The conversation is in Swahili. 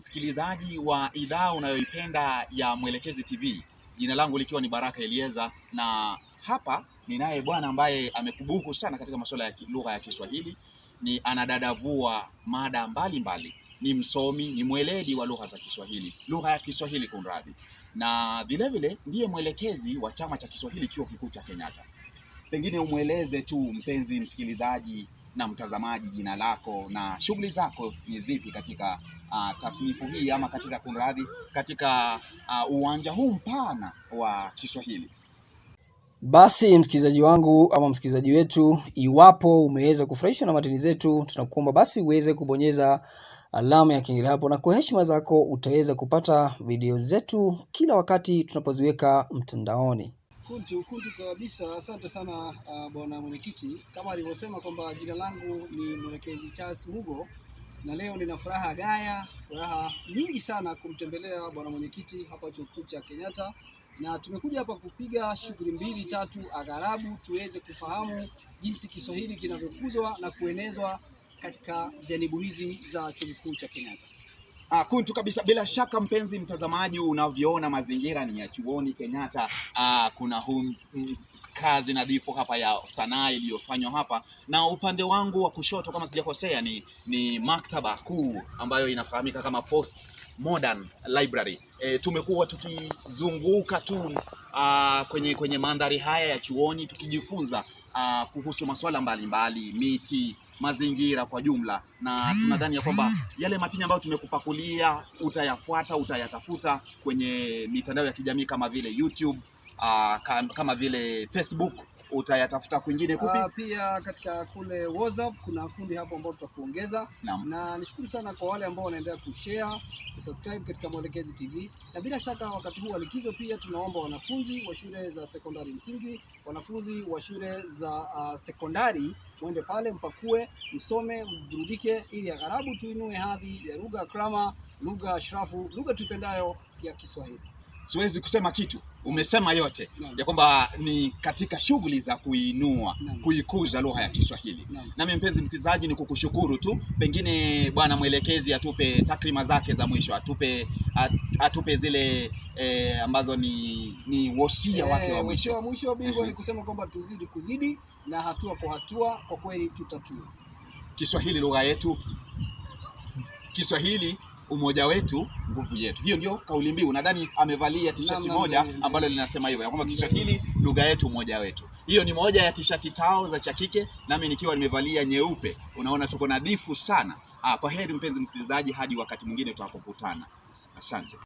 msikilizaji wa idhaa unayoipenda ya Mwelekezi TV, jina langu likiwa ni Baraka Elieza, na hapa ninaye bwana ambaye amekubuku sana katika masuala ya lugha ya Kiswahili. Ni anadadavua mada mbalimbali mbali. Ni msomi, ni mweledi wa lugha za Kiswahili, lugha ya Kiswahili kunradhi, na vilevile ndiye mwelekezi wa chama cha Kiswahili chuo kikuu cha Kenyatta. Pengine umweleze tu mpenzi msikilizaji na mtazamaji, jina lako na shughuli zako ni zipi katika uh, tasnifu hii ama katika kunradhi, katika uh, uwanja huu mpana wa Kiswahili? Basi msikilizaji wangu ama msikilizaji wetu, iwapo umeweza kufurahishwa na matini zetu, tunakuomba basi uweze kubonyeza alama ya kengele hapo, na kwa heshima zako utaweza kupata video zetu kila wakati tunapoziweka mtandaoni. Kuntu, kuntu kabisa. Asante sana uh, bwana mwenyekiti, kama alivyosema kwamba jina langu ni mwelekezi Charles Mugo na leo nina furaha gaya, furaha nyingi sana kumtembelea bwana mwenyekiti hapa chuo kikuu cha Kenyatta, na tumekuja hapa kupiga shughuli mbili tatu agharabu tuweze kufahamu jinsi Kiswahili kinavyokuzwa na kuenezwa katika janibu hizi za chuo kikuu cha Kenyatta. Uh, kuntu kabisa bila shaka mpenzi mtazamaji, unavyoona mazingira ni ya chuoni Kenyatta. Uh, kuna hum, m, kazi nadhifu hapa ya sanaa iliyofanywa hapa, na upande wangu wa kushoto kama sijakosea ni, ni maktaba kuu ambayo inafahamika kama Post Modern Library. E, tumekuwa tukizunguka tu uh, kwenye, kwenye mandhari haya ya chuoni tukijifunza uh, kuhusu masuala mbalimbali miti mazingira kwa jumla, na tunadhani ya kwamba yale matini ambayo tumekupakulia utayafuata, utayatafuta kwenye mitandao ya kijamii kama vile YouTube, uh, kama vile Facebook utayatafuta kwingine ah, kupi? Uh, pia katika kule WhatsApp kuna kundi hapo ambao tutakuongeza na, na nishukuru sana kwa wale ambao wanaendelea kushare kusubscribe katika Mwelekezi TV, na bila shaka wakati huu wa likizo pia tunaomba wanafunzi wa shule za sekondari msingi, wanafunzi wa shule za uh, sekondari mwende pale mpakue, msome, mburudike, ili agharabu tuinue hadhi ya lugha grammar, lugha ashrafu, lugha tuipendayo ya Kiswahili. Siwezi kusema kitu umesema yote no. ya kwamba ni katika shughuli za kuinua no. kuikuza lugha ya Kiswahili no. nami mpenzi msikilizaji, ni kukushukuru tu, pengine bwana mwelekezi atupe takrima zake za mwisho, atupe atupe zile e, ambazo ni ni wosia e, wake eh, wa mwisho wa mwisho -huh. ni mhm. kusema kwamba tuzidi kuzidi na hatua kwa hatua, kwa kweli tutatua Kiswahili lugha yetu Kiswahili umoja wetu nguvu yetu. Hiyo ndio kauli mbiu, nadhani amevalia tishati moja ambalo linasema hivyo, ya kwamba Kiswahili lugha yetu umoja wetu. Hiyo ni moja ya tishati tao za Chakike, nami nikiwa nimevalia nyeupe. Unaona tuko nadhifu sana. Ah, kwa heri mpenzi msikilizaji, hadi wakati mwingine tutakokutana. Asante.